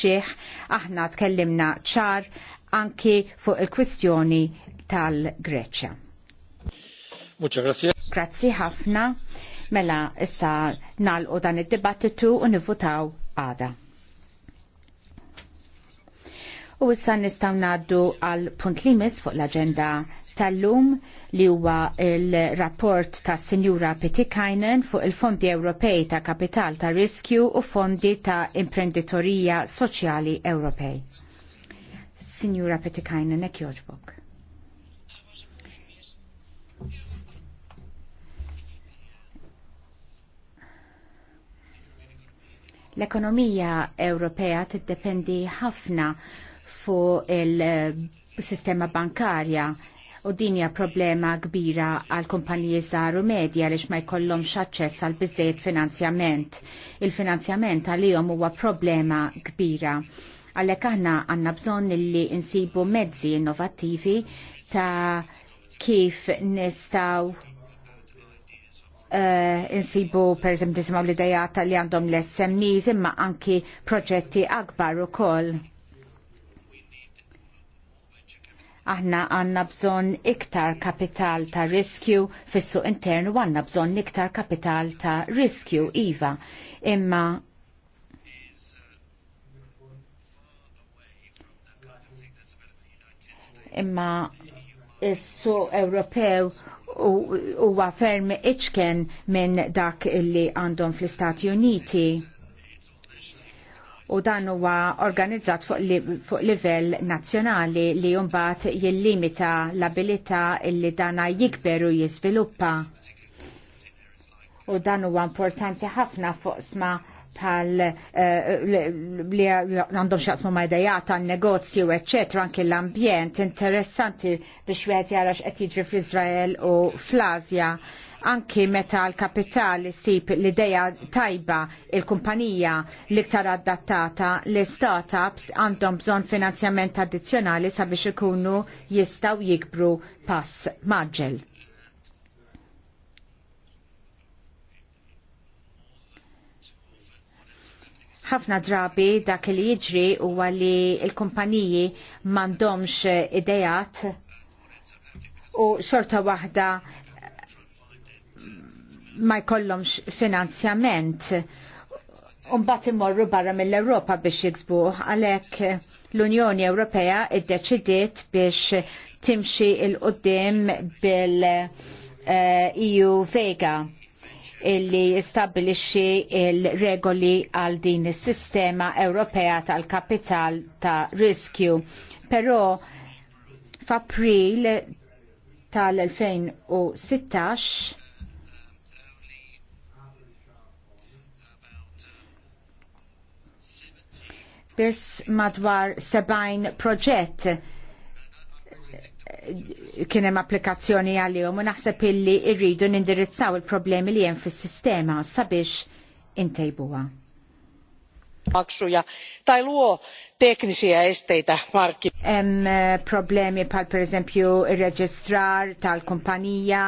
xieħ aħna tkellimna ċar anki fuq il-kwistjoni tal-Greċja. Muċa grazie. Grazzi ħafna. Mela issa nalqu dan id-dibattitu u nivvutaw għada. U issa nistaw naddu għal punt limis fuq l-agenda tal-lum li huwa il-rapport ta' Sinjura Pitikainen fuq il-Fondi Ewropej ta' Kapital ta' Riskju u Fondi ta' Imprenditorija Soċjali Ewropej. Sinjura Pitikainen, ek joġbok. l-ekonomija Ewropea tiddependi ħafna fuq il-sistema bankarja u din hija problema kbira għal kumpaniji żgħar u medja għaliex ma jkollhomx aċċess għal biżejjed finanzjament. Il-finanzjament għalihom huwa problema kbira. Għalhekk aħna għandna bżonn li insibu mezzi innovattivi ta' kif nistaw eh, insibu per eżempju nisimgħu l li għandhom l-SMEs imma anki proġetti akbar ukoll Aħna għanna bżon iktar kapital ta' riskju fissu internu għanna bżon iktar kapital ta' riskju iva. Imma imma is Ewropew huwa għafermi iċken minn dak li għandhom fl-Istati Uniti u dan huwa organizzat fuq, li, fuq livell nazzjonali li jumbat jillimita l-abilità illi dana jikber u jiżviluppa. U dan huwa importanti ħafna fuq sma' pal eh, li għandhom xaqsmu ma' idejat għan negozju, eccetera, anki l-ambjent interessanti biex wieħed jara x'qed jiġri fl-Iżrael u fl-Asja anki meta l-kapitali sib l-ideja tajba il-kumpanija l-iktar adattata l startups għandhom bżon finanzjament addizzjonali sabiex ikunu jistaw jikbru pass maġġel. ħafna drabi dak li jiġri huwa li l-kumpaniji m'għandhomx idejat u xorta waħda ma jkollhomx finanzjament Umbat imorru barra mill-Europa biex jiksbuħ għalhekk l-Unjoni Ewropea id-deċidiet biex timxi il-qoddim bil-EU eh, e Vega illi jistabilixxi il-regoli għal din is-sistema Ewropea tal-kapital ta' riskju. Però f'April tal-2016 biss madwar 70 proġett kien hemm applikazzjoni għalihom u naħseb illi rridu nindirizzaw il-problemi li hemm fis-sistema sabiex intejbuha. Maksuja. Tai teknisiä esteitä marki. Hemm eh, problemi bħal pereżempju il reġistrar tal-kumpanija,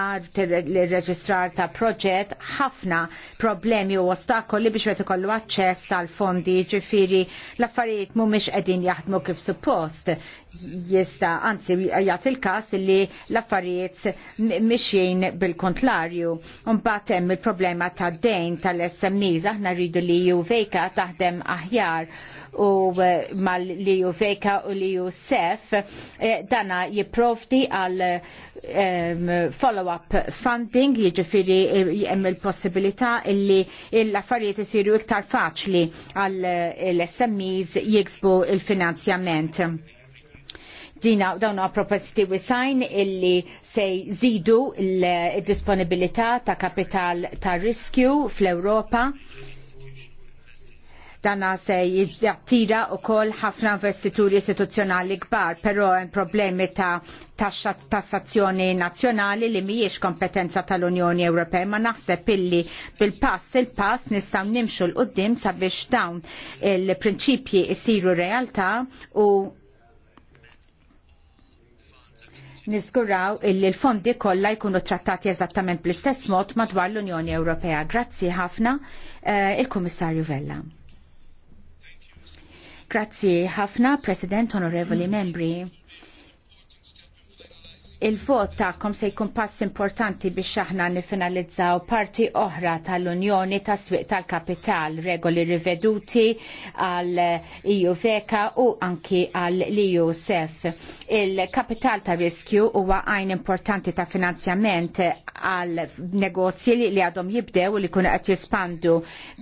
il reġistrar ta' proġett, ħafna problemi u ostakoli biex wet ikollu aċċess għal fondi ġifieri l-affarijiet mhumiex qegħdin jaħdmu kif suppost. Jista, anzi, jgħat il-kas li l-affarijiet mixjien bil-kontlarju. Unbat hemm il-problema ta' dejn tal-SMEs, aħna rridu li vejka taħdem aħjar u eh, mal li ju veka u li ju sef eh, dana jiprovdi għal follow-up funding jiġifiri jem eh, il-possibilità illi l-affarijiet isiru iktar faċli għal eh, l-SMEs jiksbu il-finanzjament dina dawna proposti wisajn illi se zidu l-disponibilità ta' kapital ta' riskju fl-Europa Dana se jittira u kol ħafna investituri istituzzjonali kbar, pero hemm problemi ta' tassazzjoni nazzjonali li mhijiex kompetenza tal-Unjoni Ewropea ma naħseb illi bil-pass il-pass nistgħu nimxu l qudiem sabiex dawn il-prinċipji jsiru realtà u Niskuraw illi l-fondi kollha jkunu trattati eżattament bl-istess mod madwar l-Unjoni Ewropea. Grazzi ħafna eh, il-Kummissarju Vella. Grazzi ħafna, President Onorevoli mm. Membri il-vot ta'kom se jkun pass importanti biex aħna nifinalizzaw parti oħra tal-Unjoni tas-swieq tal-Kapital, regoli riveduti għal EU Veka u anki għal EU SEF. Il-kapital ta' riskju huwa għajn importanti ta' finanzjament għal negozji li għadhom jibdew li kunu qed jispandu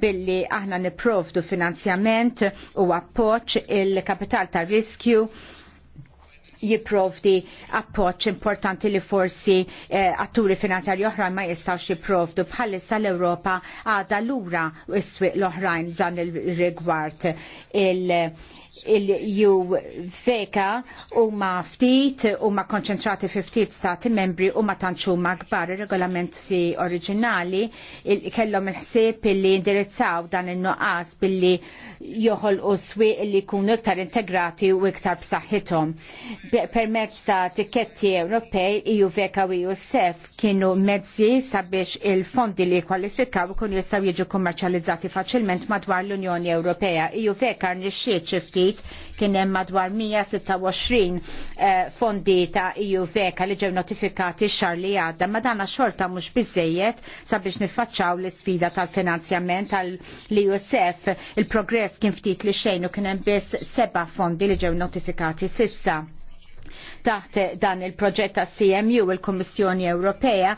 billi aħna niprovdu finanzjament u appoġġ il-kapital ta' riskju jipprovdi appoġġ importanti li forsi eh, atturi finanzjarji oħrajn ma jistgħux jipprovdu bħalissa l-Ewropa għadha lura s-swieq l-oħrajn dan il-rigward il il-ju veka u ma ftit u ma konċentrati fi ftit stati membri u ma tanċu ma gbar regolamenti oriġinali il kellom il-ħsib li indirizzaw dan il-nuqqas billi joħol u swi li kunu iktar integrati u iktar b'saħħithom permezz ta' tikketti Ewropej EU veka u EU kienu mezzi sabiex il-fondi li kwalifikaw kun jistaw jiġu kummerċjalizzati faċilment madwar l-Unjoni Ewropea. Iju e veka nixxiet ftit kien hemm madwar 126 eh, fondi ta' EU veka li ġew notifikati x-xar li għadda ma dana xorta mhux biżejjed sabiex niffaċċaw l-isfida tal-finanzjament tal-EUSF il-progress kien ftit li xejn u kien hemm biss seba' fondi li ġew notifikati sissa. Taħt dan il-proġett ta' CMU, il-Kommissjoni Ewropea,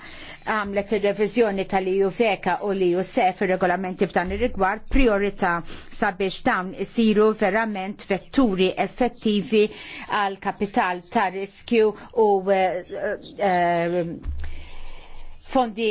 għamlet il-revizjoni tal-EU Veka u l-EU Sef il-regolamenti f'dan il-rigward priorità sabiex dawn isiru verament vetturi effettivi għal kapital ta' riskju u uh, uh, fondi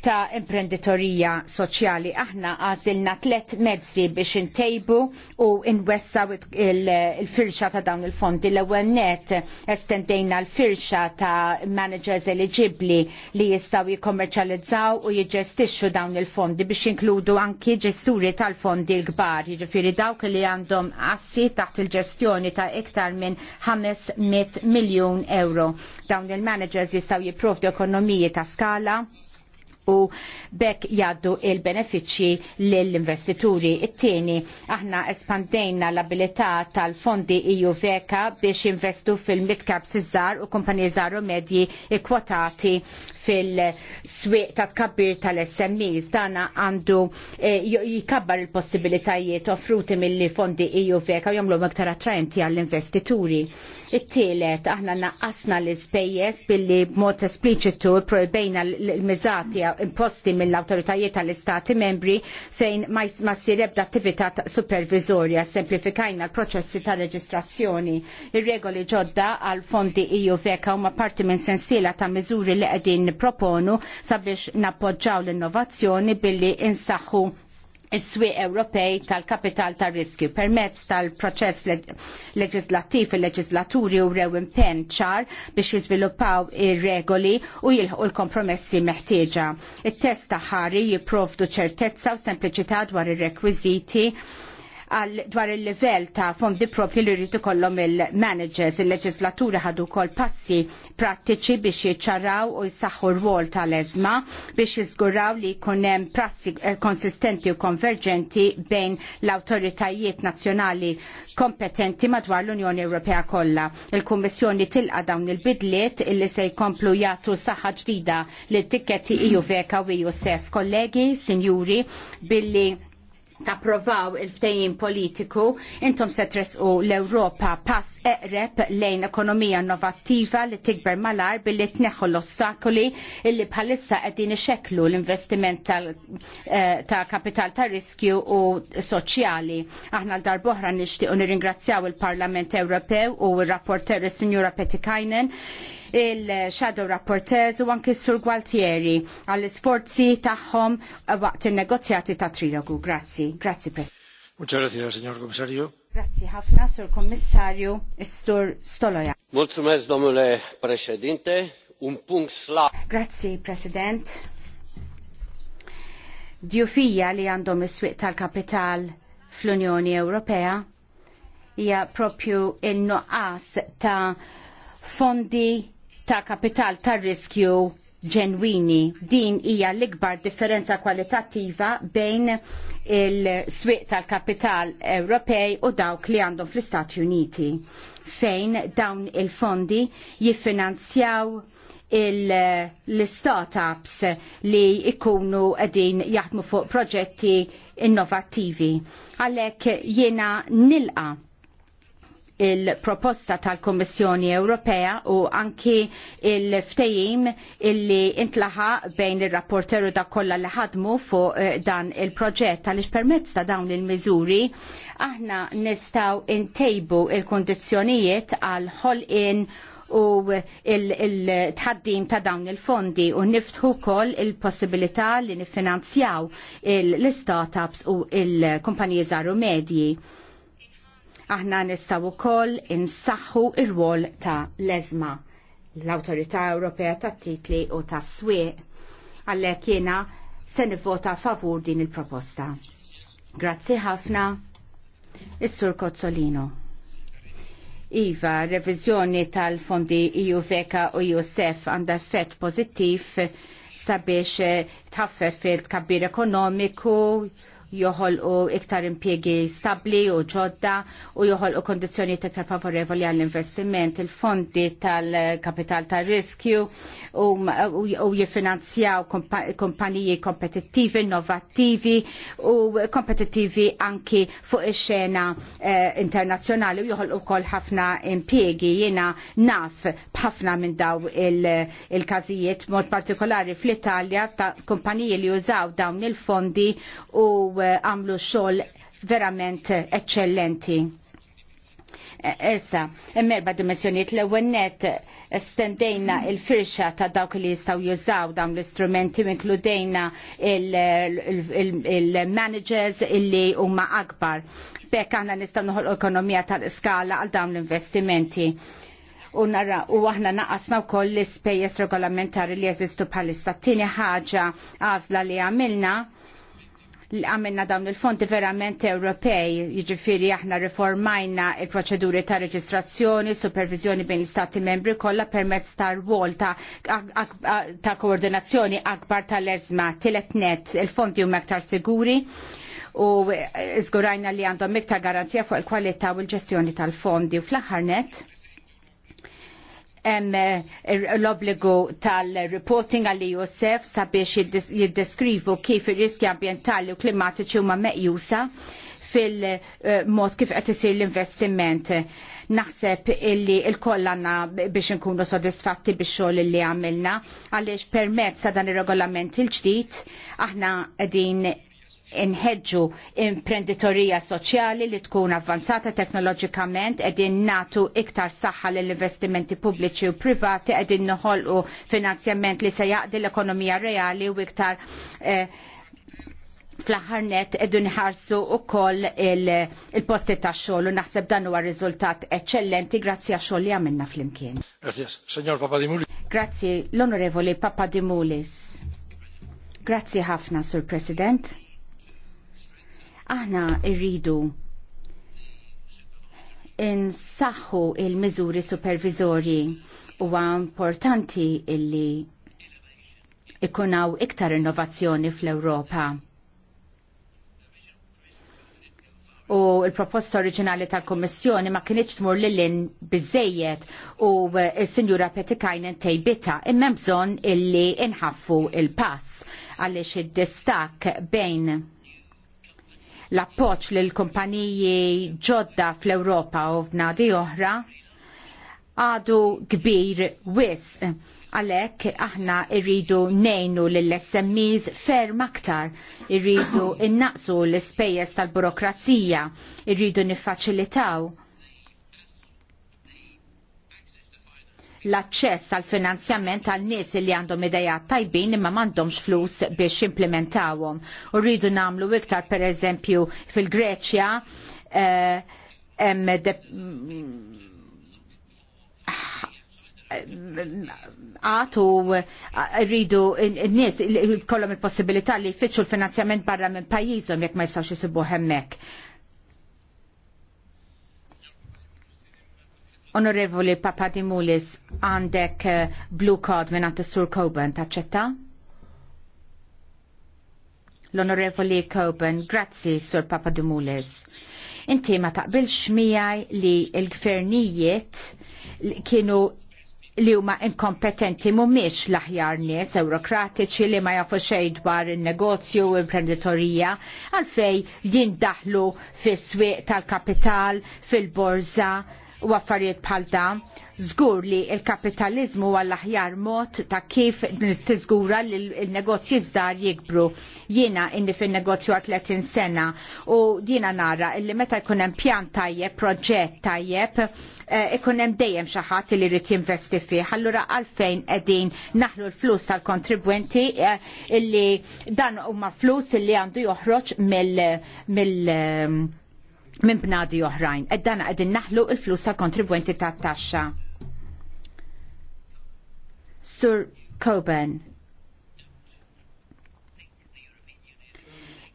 ta' imprenditorija soċjali. Aħna għazilna tlet mezzi biex intejbu u inwessa il-firxa ta' dawn il-fondi. L-ewwel net estendejna l-firxa ta' managers eligibli li jistaw jikommerċalizzaw u jiġestixxu dawn il-fondi biex inkludu anki ġesturi tal-fondi l-kbar, jiġifieri dawk li għandhom assi taħt il-ġestjoni ta' iktar minn 500 miljun euro. Dawn il-managers jistaw jipprovdu ekonomiji ta' skala u bekk jaddu il-benefiċċji lill-investituri. It-tieni, aħna espandejna l-abilità tal-fondi EU veka biex investu fil-midcaps iż-żar u kumpaniji żar u medji ikkwotati fil-swieq ta' tkabbir tal-SMEs. Dana għandu eh, jikabbar il-possibilitajiet offruti mill-fondi EU veka u jagħmlu iktar attraenti għall-investituri. It-tielet, aħna naqqasna l-ispejjeż billi b'mod espliċitu projbejna l-miżati imposti mill-autoritajiet tal-istati membri fejn ma ssir ebda attività supervizorja semplifikajna l-proċessi ta' reġistrazzjoni. Ir-regoli ġodda għal fondi EU veka huma parti minn sensiela ta' miżuri li qegħdin proponu sabiex nappoġġaw l-innovazzjoni billi insaħħu is-swieq Ewropej tal-kapital tar riskju permezz tal-proċess leġislattiv il-leġislaturi u rew impenn ċar biex jiżviluppaw ir-regoli u jilħqu l-kompromessi meħtieġa. It-test ta' ħari jipprovdu ċertezza u sempliċità dwar ir-rekwiżiti dwar il-level ta' fondi propri li rritu kollom il-managers. Il-leġislaturi ħadu kol passi prattiċi biex jiċċaraw u jisaxħu r-wol tal-ezma biex jizguraw li kunem prassi eh, konsistenti u konverġenti bejn l-autoritajiet nazjonali kompetenti madwar l-Unjoni Ewropea kollha. Il-Kummissjoni tilqa dawn il-bidliet illi se jkomplu jagħtu saħħa ġdida t tikketti EU veka u EU sef. Kollegi, sinjuri, billi tapprovaw il-ftejjin politiku, intom se tresqu l-Ewropa pass eqreb lejn ekonomija innovattiva li tikber malar billi tneħħu l-ostakoli illi bħalissa qegħdin ixekklu l-investiment tal-kapital eh, ta' riskju u soċjali. Aħna l-darbohra nixtiequ nirringrazzjaw il-Parlament Ewropew u r rapporter is-Sinjura Petikajnen il-Shadow Rapporteurs u anki Sur Gualtieri għall-isforzi tagħhom waqt il-negozjati ta' trilogu. Grazzi, grazzi President. Muċa gracias, signor comisario. Grazzi ħafna, Sur Kommissarju, Sur Stoloja. mes, domnule Presidente, un punkt sla. Grazzi, President. Djufija li għandhom is-swieq tal-kapital fl-Unjoni Ewropea hija propju il noqqas ta' fondi ta' kapital ta' riskju ġenwini. Din hija l-ikbar differenza kwalitattiva bejn il-swieq tal-kapital Ewropej u dawk li għandhom fl-Istati Uniti fejn dawn il-fondi jiffinanzjaw l-startups li ikunu għedin jaħdmu fuq proġetti innovativi. Għalek jena nilqa' il-proposta tal-Kommissjoni Ewropea u anki il-ftejim illi intlaħa bejn il-rapporteru da kolla li ħadmu fuq eh, dan il-proġett għaliex permezz ta' dawn il-miżuri aħna nistaw intejbu il-kondizjonijiet għal in u il-tħaddim ta' dawn il-fondi u niftħu kol il-possibilità li nifinanzjaw il-startups u il-kumpaniji żaru medji. Aħna nistgħu wkoll insaħħu r wol ta' leżma l-Awtorità Ewropea tat-titli u tas-swieq. Għalhekk jiena se nivvota favur din il-proposta. Grazzi ħafna. Is-Sur Kozzolino. Iva, revizjoni tal-fondi EU Veka u Jusef e għanda effett pozittiv sabiex tħaffef il-kabbir ekonomiku joħolqu iktar impjiegi stabbli u ġodda u u kondizzjonijiet iktar favorevoli għall-investiment, il-fondi tal-kapital tal-riskju u, u jifinanzjaw kumpaniji kompetittivi, innovattivi u kompetittivi anki fuq ix-xena eh, internazzjonali u joħolqu wkoll ħafna impjiegi jiena naf b'ħafna minn daw il-każijiet il mod partikolari fl-Italja ta' kumpaniji li jużaw dawn il-fondi u Eh, għamlu xogħol verament eccellenti. Issa, eh, merba dimensjoniet l-ewwel net stendejna il-firxa ta' dawk li jistaw jużaw dawn l-istrumenti inkludejna il-managers illi huma akbar. Bekk għandna nistgħu noħol ekonomija tal-iskala għal dawn l-investimenti u u aħna naqasna u koll l-spejjes regolamentari li jeżistu bħalissa. tieni ħaġa għazla li għamilna li għamilna dawn il-fondi verament Ewropej, jiġifieri aħna riformajna il-proċeduri ta' reġistrazzjoni, supervizjoni bejn l-Stati membri kollha permezz ta' rwol ta', ta koordinazzjoni akbar tal-ezma, tilet net, il-fondi huma aktar siguri u zgurajna li għandhom iktar garanzija fuq il-kwalità u l-ġestjoni tal-fondi u fl-aħħar net hemm eh, l-obbligu tal-reporting għall josef sabiex jiddeskrivu kif ir-riski ambjentali u klimatiċi huma meqjusa fil-mod eh, kif qed isir l-investiment. Naħseb illi il-koll għanna biex nkunu sodisfatti biex xogħol li għamilna għaliex permezz ta' dan ir-regolament il-ġdid aħna qegħdin inħedġu imprenditorija soċjali li tkun avvanzata teknoloġikament edin natu iktar saħħa l-investimenti pubbliċi u privati edin noħolqu finanzjament li se jaqdi l-ekonomija reali u iktar eh, fl-aħħar net edin ħarsu u koll il-posti il ta' xogħol u naħseb dan huwa riżultat eċċellenti grazzi għax xogħol li għamilna flimkien. Grazie, signor Papadimulis. Grazzi, l-Onorevoli Papadimulis. Grazzi ħafna, Sur President. Aħna rridu insaħħu il-miżuri supervizorji huwa importanti illi ikunaw iktar innovazzjoni fl-Ewropa. U il-proposta oriġinali tal-Kommissjoni ma kienieċ tmur lil-lin biżejjed u s-Sinjura Petikajnen tejbita imma bżonn illi inħaffu il-pass għaliex id-distak bejn l-appoċ l kumpaniji ġodda fl-Europa u f'nadi oħra għadu kbir wis. Għalek aħna irridu nejnu l-SMEs ferm aktar, irridu innaqsu l-spejjeż tal-burokrazija, irridu niffaċilitaw l-aċċess għal finanzjament għal nies li għandhom ideja tajbin imma m'għandhomx flus biex implementawhom. U rridu nagħmlu iktar pereżempju fil-Greċja eh, għatu rridu n-nies kollom il-possibilità li jfittxu l-finanzjament barra minn pajjiżhom jekk ma jistgħux jisibu hemmhekk. Onorevoli Papadimoulis, għandek eh, blue card minn għant sur Coben, taċċetta? L-Onorevoli Coben, grazzi sur Papadimoulis. Inti ma taqbilx miegħi li l-gvernijiet kienu li huma inkompetenti mhumiex l-aħjar nies ewrokratiċi li ma jafu xejn dwar in-negozju u imprenditorija għalfej jindaħlu fis-swieq tal-kapital fil-borża u affarijiet bħal da, żgur li l-kapitaliżmu għall aħjar mod ta' kif nistiżgura li l-negozji żgħar jikbru. Jiena inni fin-negozju għal 30 sena u dina nara li meta jkun hemm pjan tajjeb, proġett tajjeb, eh, ikun hemm dejjem xi ħadd li jrid jinvesti fih. Allura għalfejn qegħdin naħlu l-flus tal-kontribwenti eh, illi dan huma flus illi għandu joħroġ mill minn bnadi oħrajn. Eddana għedin naħlu il-flus tal-kontribwenti ta' taxxa. Sur Coben,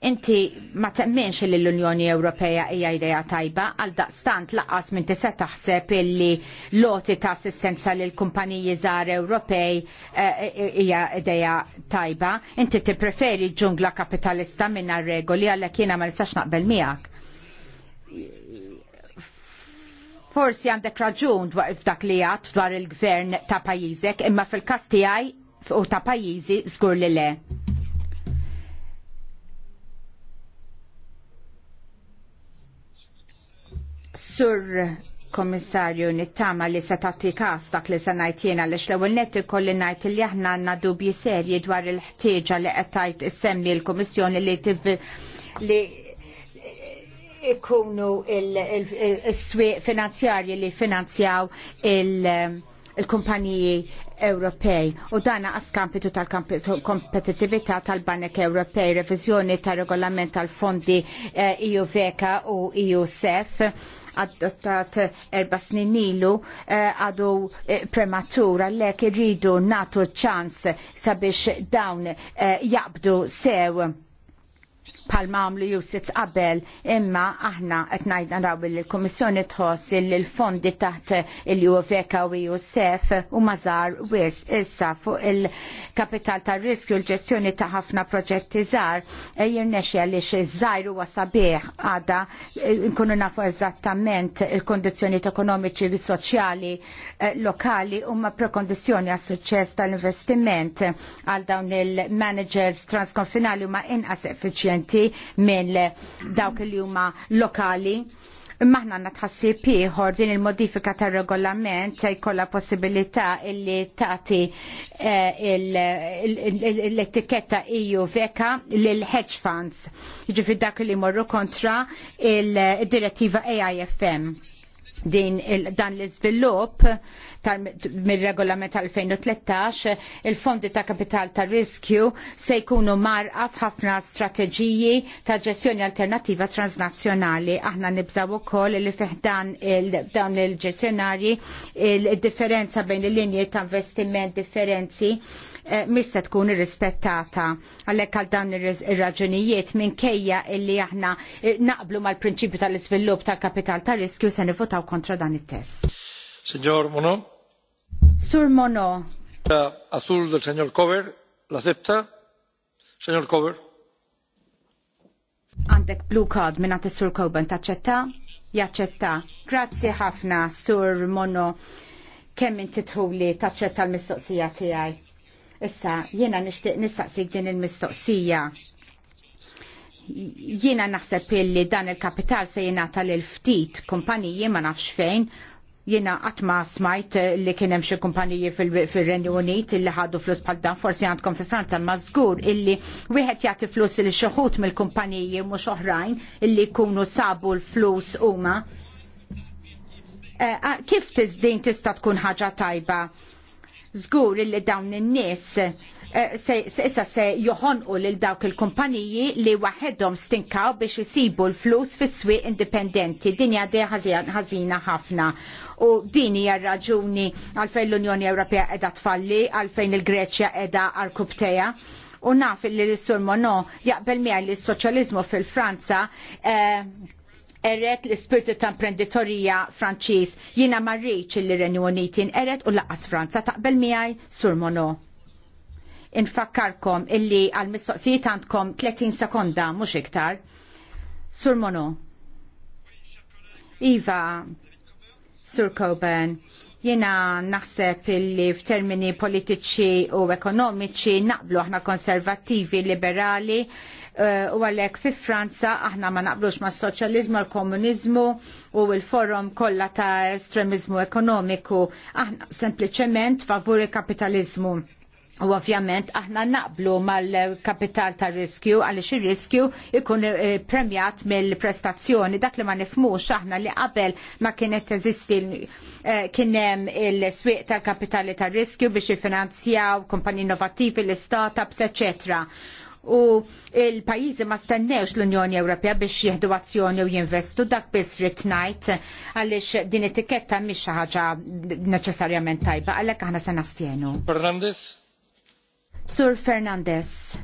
inti ma temmenx li l-Unjoni Ewropea hija idea tajba għal daqstant laqas minn tista' taħseb illi loti ta' assistenza lil kumpaniji żgħar Ewropej eh, hija idea tajba. Inti tippreferi ġungla kapitalista minn regoli għalhekk jiena ma nistax naqbel miegħek forsi għandek raġun dwar f'dak li għat dwar il-gvern ta' pajjiżek, imma fil kasti tiegħi u ta' pajjiżi żgur li le. Sur Kommissarju nittama li se tagħti każ dak li se ngħid jiena għaliex l-ewwel nett ikolli ngħid li aħna għandna dubji serji dwar il-ħtieġa li qed tajt semmi l-Kummissjoni li tiv li ikunu il-swieq finanzjarji li finanzjaw il-kumpaniji Ewropej u dana għaskampitu tal-kompetitività tal-Banek Ewropej, revizjoni tal-regolament tal-fondi EU eh, e Veka u EU SEF adottat erba snin ilu eh, għadu eh, prematura l irridu natu ċans sabiex dawn jaqbdu sew pal mamlu jusitz qabel imma aħna qed raw naraw li l-Kummissjoni tħoss li l-fondi taħt il-UVK u USF u mażar wis issa fuq il-kapital tar riskju l-ġestjoni ta' ħafna proġetti żgħar e jirnexja li xi żgħir huwa sabiħ għada e, nkunu nafu eżattament il-kondizzjonijiet ekonomiċi u soċjali e, lokali huma prekondizzjoni għas suċċess tal-investiment għal dawn il-managers transkonfinali huma inqas effiċjenti differenti mill dawk li huma lokali. Maħna għanna tħassib ieħor din il-modifika tar regolament se jkollha possibilità illi tagħti eh, l-etiketta EU veka l hedge funds. Jiġifieri dak li morru kontra il-direttiva AIFM din dan l-iżvilupp mir-regolament tal-2013 il-fondi ta' kapital ta' riskju se jkunu marqa f'ħafna strateġiji ta' ġestjoni alternattiva transnazzjonali. Aħna nibżaw ukoll li fih dan il-dan il-ġestjonarji il-differenza bejn il-linji ta' investiment differenzi Eh, mis se tkun irrispettata. Għalhekk għal dan ir-raġunijiet minkejja illi aħna naqblu mal-prinċipju tal-iżvilupp tal-kapital ta' riskju se nivvotaw kontra dan it-test. Signor Mono. Sur Mono. Azul del signor Cover, l azzetta Signor Cover. Għandek blue card minn għat sur Coben taċċetta? Jaċċetta. Grazzi ħafna, Sur Mono. Kemm inti tħuli taċċetta l-mistoqsija tiegħi? Issa, jiena nixtieq nistaqsik din il-mistoqsija. Jiena naħseb illi dan il-kapital se jingħata lil ftit kumpaniji ma nafx fejn, Jiena qatt ma smajt li kien hemm xi kumpaniji fil-Renju Unit illi ħadu flus bħal dan forsi għandkom fi Franza ma żgur illi wieħed jagħti flus il xi mill-kumpaniji mhux oħrajn illi jkunu sabu l-flus huma. Eh, ah, kif tizdin tista' tkun ħaġa tajba? zgur li dawn in-nies eh, issa se joħonqu lil dawk il-kumpaniji li waħedhom stinkaw biex isibu l-flus fis-swieq indipendenti. Din hija ħażina ħafna. U din hija raġuni għalfejn l-Unjoni Ewropea qiegħda tfalli, għalfejn il-Greċja qiegħda arkubteja. U naf li l-Sur Mono jaqbel miegħi li s-soċjaliżmu fil-Franza eh, eret l-ispirtu ta' imprenditorija Franċiż. Jiena ma rridx li Renju Uniti eret u laqas Franza taqbel miegħi Sur Mono. Infakkarkom illi għal-mistoqsijiet għandkom 30 sekonda mhux iktar. Sur Mono. Iva, Sur Coben, Jena naħseb li f'termini politiċi u ekonomiċi naqblu aħna konservativi, liberali eh, u għalek fi Franza aħna ma naqblux ma soċjalizmu, l-komunizmu u l-forum kollha ta' estremizmu ekonomiku. Aħna sempliċement favuri kapitalizmu U ovvjament aħna naqblu mal-kapital ta' riskju għaliex ir-riskju ikun eh, premjat mill-prestazzjoni dak li ma nifmux aħna li qabel ma kienet teżisti eh, kien hemm il-swieq tal-kapitali ta' riskju biex jifinanzjaw kumpanji innovattivi l-startups eċetera. U il-pajizi ma stennewx l-Unjoni Ewropea biex jieħdu azzjoni u jinvestu dak biss rit ngħid għaliex din etiketta mhix xi ħaġa neċessarjament tajba għalhekk aħna se nastienu. Sur Fernandez.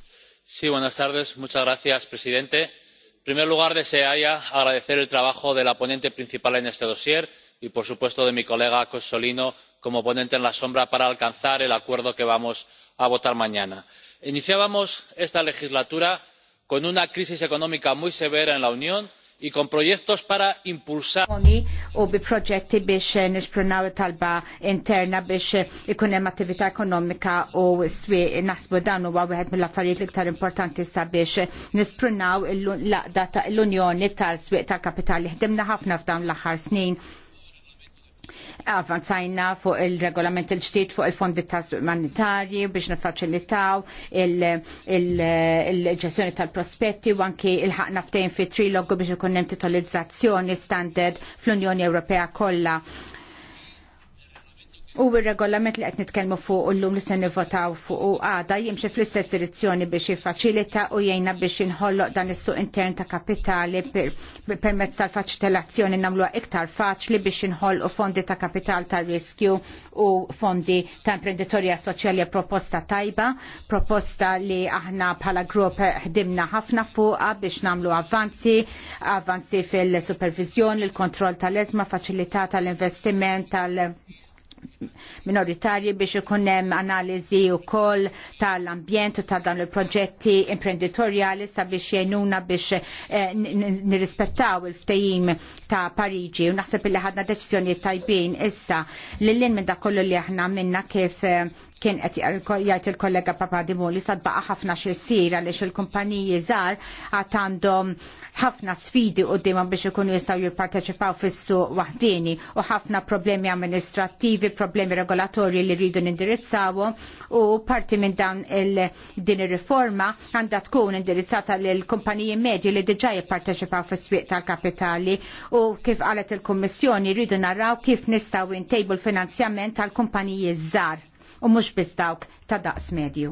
Sí, buenas tardes. Muchas gracias, presidente. En primer lugar, desearía agradecer el trabajo de la ponente principal en este dossier y, por supuesto, de mi colega Cossolino como ponente en la sombra, para alcanzar el acuerdo que vamos a votar mañana. iniciábamos esta legislatura con una crisis económica muy severa en la unión y con proyectos para impulsar u bi proġetti biex eh, nisprunaw talba interna biex eh, ikun hemm attività ekonomika u swieq naħsbu dan huwa wieħed mill-affarijiet l-iktar importanti sabiex eh, nisprunaw l-laqda ta' l-Unjoni tal-Swieq tal-Kapitali. Ħdimna ħafna f'dawn l-aħħar snin Avanzajna fuq il-regolament il-ġdid fuq il-fondi humanitarji biex nifaċilitaw il-ġestjoni tal-prospetti u anki il-ħakna ftejn fit trilogu biex ikun hemm titolizzazzjoni standard fl-Unjoni Ewropea kollha U il-regolament li qed nitkellmu fuq llum li se nivvotaw fuq għada jimxi fl-istess direzzjoni biex jiffaċilita u jgħinna biex inħolloq dan is-suq intern ta' kapitali permezz tal-faċilitazzjoni nagħmluha iktar faċli biex inħolqu fondi ta' kapital ta' riskju u fondi ta' imprenditorja soċjali proposta tajba, proposta li aħna bħala grupp ħdimna ħafna fuqha biex nagħmlu avvanzi, avvanzi fil-supervizjoni, il-kontroll tal-ezma, faċilità tal-investiment tal-, -investiment, tal minoritarji biex ikun hemm analiżi wkoll tal-ambjent u ta' dan il-proġetti imprenditorjali sabiex jgħinuna biex eh, nirrispettaw il-ftehim ta' Pariġi u naħseb li ħadna deċiżjoni tajbin issa lil lin minn dak kollu li aħna minna kif eh, kien qed jgħid il-kollega Papadimoli sad baqa' ħafna sira għaliex il-kumpaniji żgħar għad għandhom ħafna sfidi qudiemhom biex ikunu jistgħu jipparteċipaw fis-suq waħdini u ħafna problemi amministrattivi, problemi regolatorji li rridu nindirizzawhom u parti minn dan il-din ir-riforma għandha tkun indirizzata lil kumpaniji medji li diġà jipparteċipaw fis-swieq tal-kapitali u kif qalet il-Kummissjoni rridu naraw kif nistgħu ntejbu l-finanzjament tal-kumpaniji żgħar u mhux biss dawk ta' daqs medju.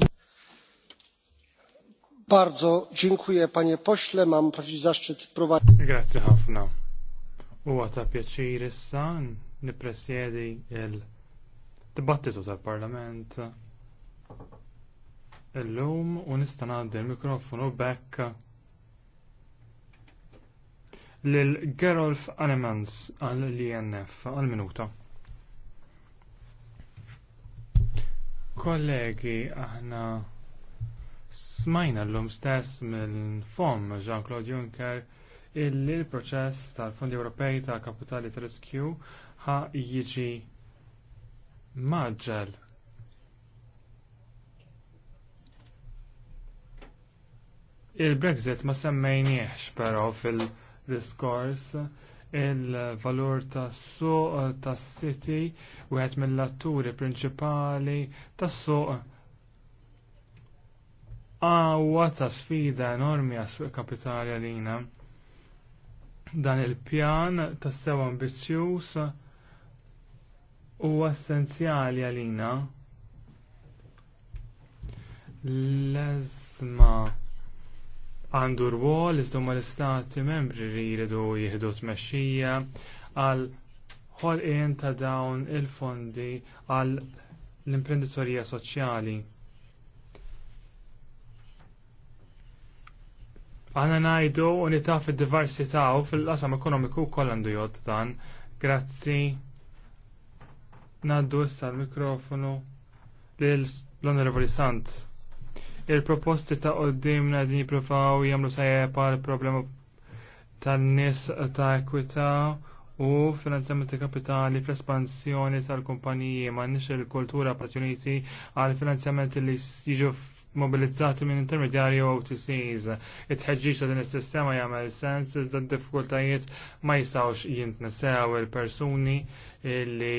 Bardzo dziękuję panie pośle, mam zaszczyt wprowadzić. Grazie ħafna. Huwa ta' pjaċir issa nipresjedi il-dibattitu tal-Parlament illum u nista' ngħaddi il mikrofonu bekk lil Gerolf Alemans għall-INF għal-minuta. Kollegi, aħna smajna l-lum stess mill-fom Jean-Claude Juncker illi l-proċess tal-Fondi Ewropej ta' Kapitali ta' Riskju ħa jiġi maġġel. Il-Brexit ma semmejniex però fil-diskors il-valur tas-suq tas-siti wieħed mill-atturi prinċipali tas-suq għawa ta' sfida enormi għas-suq kapitali għalina. Dan il-pjan ta' sew ambizzjuż huwa essenzjali għalina. L-ezma għandu rwol iżda ma l-istati membri li jridu jieħdu tmexxija għal ħolqien ta' dawn il-fondi għal l-imprenditorija soċjali. Għana najdu u nitaf id-diversità u fil-qasam ekonomiku wkoll għandu jgħod dan. Grazzi. Naddu issa l-mikrofonu l-Onorevoli Sant il-proposti ta' qoddimna din jipprovaw jagħmlu sajja pal problema tan-nies ta' ekwità u finanzjament kapitali fl-espansjoni tal-kumpaniji nix il-kultura opportuniti għal finanzjament li jiġu mobilizzati minn intermedjarji u OTCs. It-ħeġġiġ ta' din is-sistema jagħmel sens iżda d-diffikultajiet ma jistgħux jintnesew il-persuni li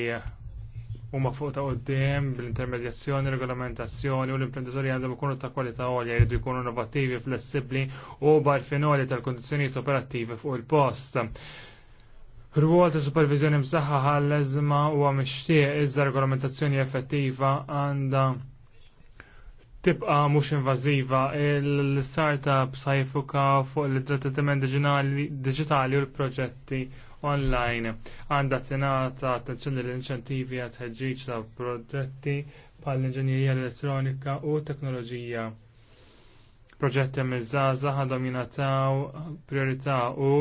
huma fuq ta' għoddim bil-intermedjazzjoni, regolamentazzjoni u l-imprenditorja għandhom ikunu ta' kwalità għolja jridu jkunu innovattivi, flessibbli u barfinoli tal-kondizzjonijiet operattivi fuq il-post. Rwol ta' supervizjoni msaħħa għall-eżma huwa mixtieq iżda regolamentazzjoni effettiva għandha tibqa mhux invaziva, l startup sajfuka fuq l-trattament digitali u l-proġetti online. Għandha tingħata attenzjoni l-inċentivi għat ħeġġiġ ta' proġetti bħall-inġenjerija elettronika u teknoloġija. Proġetti miż-żgħażagħ għandhom jingħataw priorità u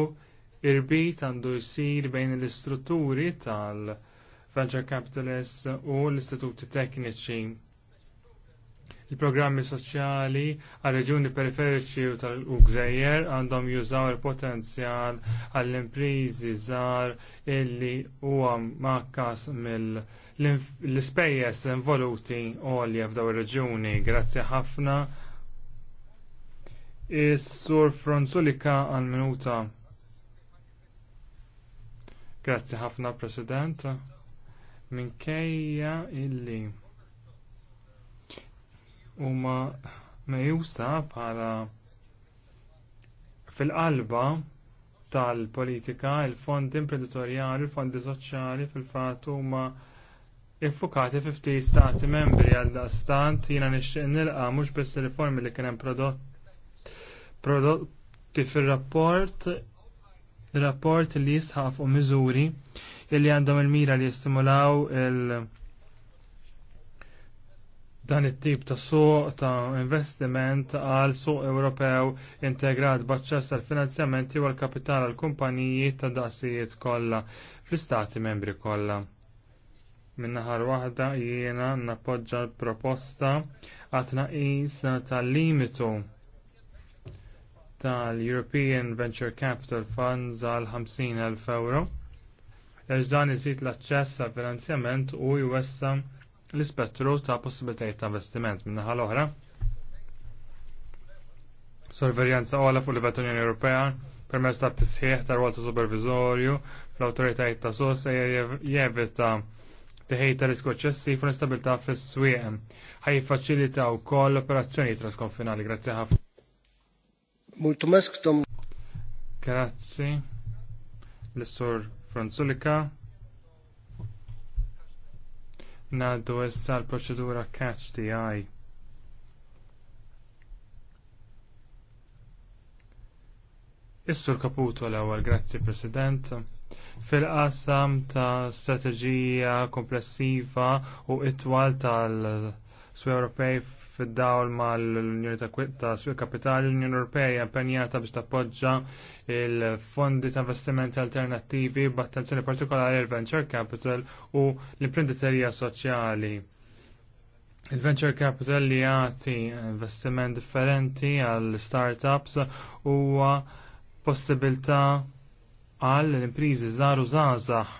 irbit għandu jsir bejn l-istrutturi tal- venture capitalists u l-istituti tekniċi Il-programmi soċjali għal reġuni periferiċi u tal-Ugżejjer għandhom jużaw il-potenzjal għall-imprizi żgħar illi huwa makkas mill-ispejjeż involuti għolja f'daw ir-reġuni. Grazzi ħafna. Is-Sur Franzulika għal minuta. Grazzi ħafna President. Minkejja illi huma mejusa bħala fil-qalba tal-politika il-fondi imprenditorjali, il-fondi soċjali fil-fatt huma iffukati fi ftit stati membri għal dastant jiena nixtieq nilqa mhux biss ir-riformi li kien hemm prodotti fir-rapport rapport li jisħaf u miżuri li għandhom il-mira li jistimulaw il- dan it-tip ta' suq ta' investiment għal suq Ewropew integrat b'aċċess tal finanzjamenti u l-kapital għal kumpaniji ta' daqsijiet kollha fl-istati membri kollha. Min-naħar waħda jiena nappoġġa l-proposta għat tnaqqis tal-limitu tal-European Venture Capital Funds għal 50.000 euro. Leġ dan iżid l-aċċess għal finanzjament u jwessam l-ispettru ta' possibilitajiet ta' investiment minnaħa l-oħra. Sorverjanza għala fuq l-Vet Unjoni Ewropea permezz ta' tisħiħ ta' rwol ta' supervizorju fl-awtoritajiet ta' sos se jevita teħej ta' risku ċessi fuq l-istabilta' fis-swieq. Ħaj faċilita wkoll operazzjoni transkonfinali. Grazzi ħafna. mesk tom. Grazzi. L-Sur Franzulika. Ngħaddu issa l-proċedura catch the eye. Is-Sur Caputo l-ewwel, grazzi President. Fil-qasam ta' strateġija komplessiva u itwal tal-Swi Ewropej fid-dawl mal-Unjoni ta' Suq Kapitali l-Unjoni Ewropea impenjata biex tappoġġa il-fondi ta' investimenti alternattivi b'attenzjoni partikolari l venture capital u l imprenditerija soċjali. Il-venture capital li jagħti investiment differenti għal startups huwa possibilità għal l-imprizi żaru żgħażagħ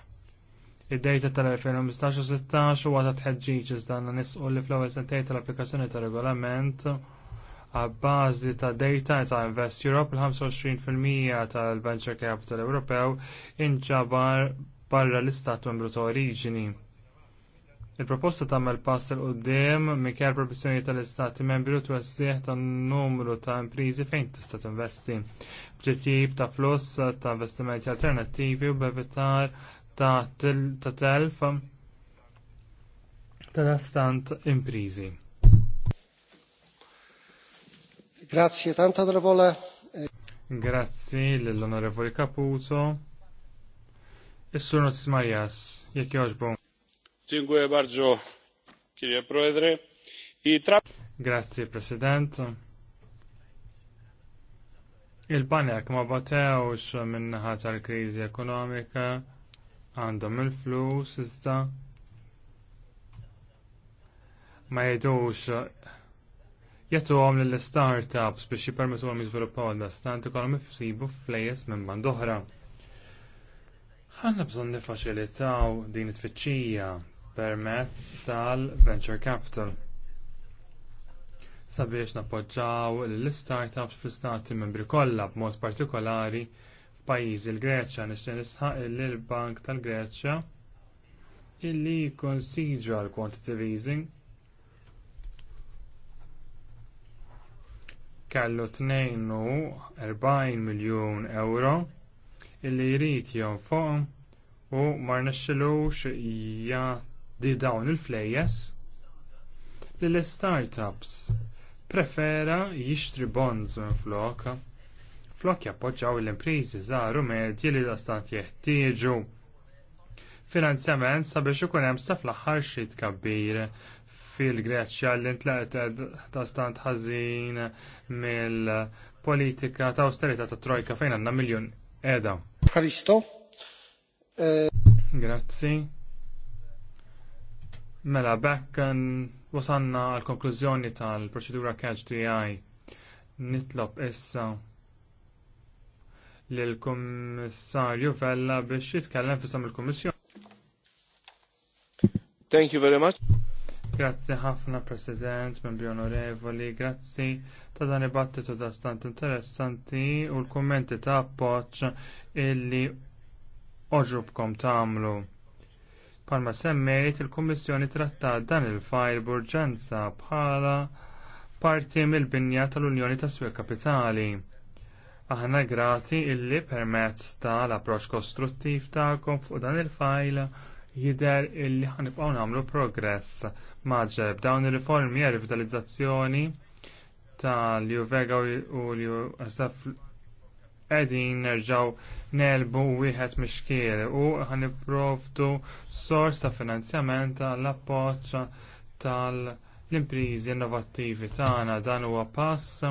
Id-dejta tal-2015 u 16 huwa ta' tħeġġiġ iżda nisqu li fl-ewwel sentejn tal-applikazzjoni tar-regolament għabbażi ta' data ta' Invest Europe il-25% tal-Venture Capital Ewropew inġabar barra l-istat membru ta' oriġini. Il-proposta tagħmel pass il qudiem minkejja professjoni tal-istati membru twessih tan numru ta' imprizi fejn tista' investi. B'titjib ta' fluss ta' investimenti alternattivi u bevitar ta' telf um, ta' dastant imprizi. Grazie, tanta onorevole. Grazie l-onorevoli Caputo. Is-sur Notis Marjas, jekk joġbu. Dziękuję bardzo, kirja proedre. Grazie, President. Il-banek ma batewx minnaħat tal-krizi ekonomika għandhom il-flus iżda ma jgħidux jagħtuhom lill-startups biex jippermettuhom jiżviluppaw għall-istant ikollhom ifsibu flejes minn band oħra. Ħalli bżonn nifaċilitaw din it-tfittxija permezz tal-venture capital sabiex nappoġġaw l-startups fl-istati membri kollha b'mod partikolari pajjiż il-Greċja nixtieq nisħaq lill-Bank tal-Greċja illi jikkonsidra l-quantitative easing kellu 42 miljun euro illi jrid jonfoq u ma rnexxilux jgħaddi dawn il-flejjes lill ups prefera jixtri bonds minflok flok jappoġġaw l-imprizi żgħar u medji li dastant jeħtieġu finanzjament sabiex ikun hemm sa fl-aħħar xi tkabbir fil-Greċja li ntlaqet dastant ħażin mill-politika ta' austerità ta' trojka fejn għandna miljun qiegħda. Grazzi. Mela bekk wasanna għal konklużjoni tal-proċedura catch DI nitlob issa lill-Kummissarju Vella biex jitkellem fisam il-Kummissjoni. Thank you very much. Grazzi ħafna President, membri onorevoli, grazzi ta' dan ibattitu ta' stant interessanti u l-kommenti ta' appoċ illi oġrubkom għamlu. Palma semmejt il-Kommissjoni trattat dan il-fajl burġenza bħala parti mill-binja tal-Unjoni tas Swir Kapitali. Aħna grati illi permezz tal-approċċ kostruttiv tagħkom fuq dan il-fajl jidher illi ħanibqaw nagħmlu progress maġeb. dawn ir-riformi għal rivitalizzazzjoni tal-Juvega u l-Juvesaf edin nerġgħu nelbu wieħed mixkiel u ħaniprovdu sors ta' finanzjament tal appoġġ tal-, -tal l-imprizi innovattivi tagħna dan huwa pass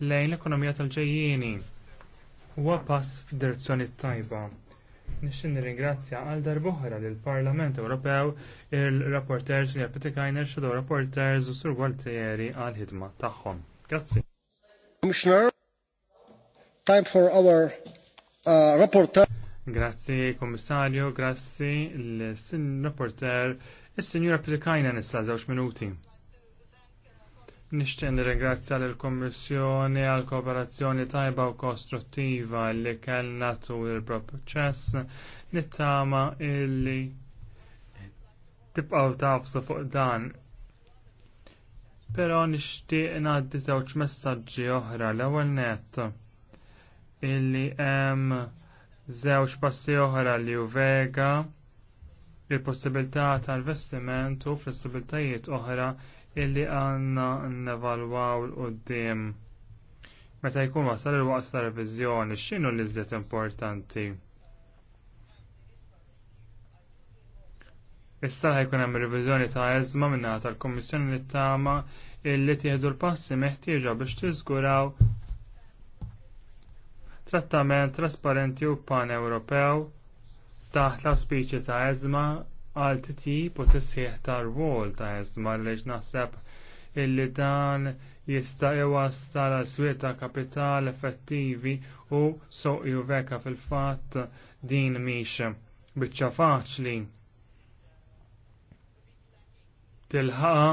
lejn l-ekonomija tal-ġejjieni. Huwa pass f'direzzjoni tajba. Nixin nirringrazzja għal darbohra lill parlament Ewropew il-rapporters li għapitikajner xudu rapporters u sur Gualtieri għal ħidma tagħhom. Grazzi. Commissioner, time for our uh, rapporteur. Grazzi Kommissarju, grazzi l-Rapporter, il-Sinjura Pitikajna nissa żewġ minuti. Nixtieq nirringrazzja lill kummissjoni għal kooperazzjoni tajba u kostruttiva li kellna tul il-proċess nittama illi tibqgħu tafsu fuq dan. Però nixtieq ngħaddi żewġ messaġġi oħra l-ewwel net illi hemm żewġ passi oħra li hu vega il-possibilità tal-investiment u flessibiltajiet oħra illi għandna nevalwaw l-qoddim meta jkun wasal il-waqt ta' reviżjoni x'inhu li żiet importanti. Issa ħajkun hemm riviżjoni ta' eżma minnaħa tal-Kummissjoni li tama illi tieħdu l-passi meħtieġa biex tiżguraw trattament trasparenti u pan-Ewropew taħt l-auspiċi ta' eżma għal titjib u tisħiħ tar rwol ta' eżma li naħseb illi dan jista' iwassal għal swieq kapitali kapital effettivi u soqju veka fil-fatt din mhix biċċa faċli. Tilħaqa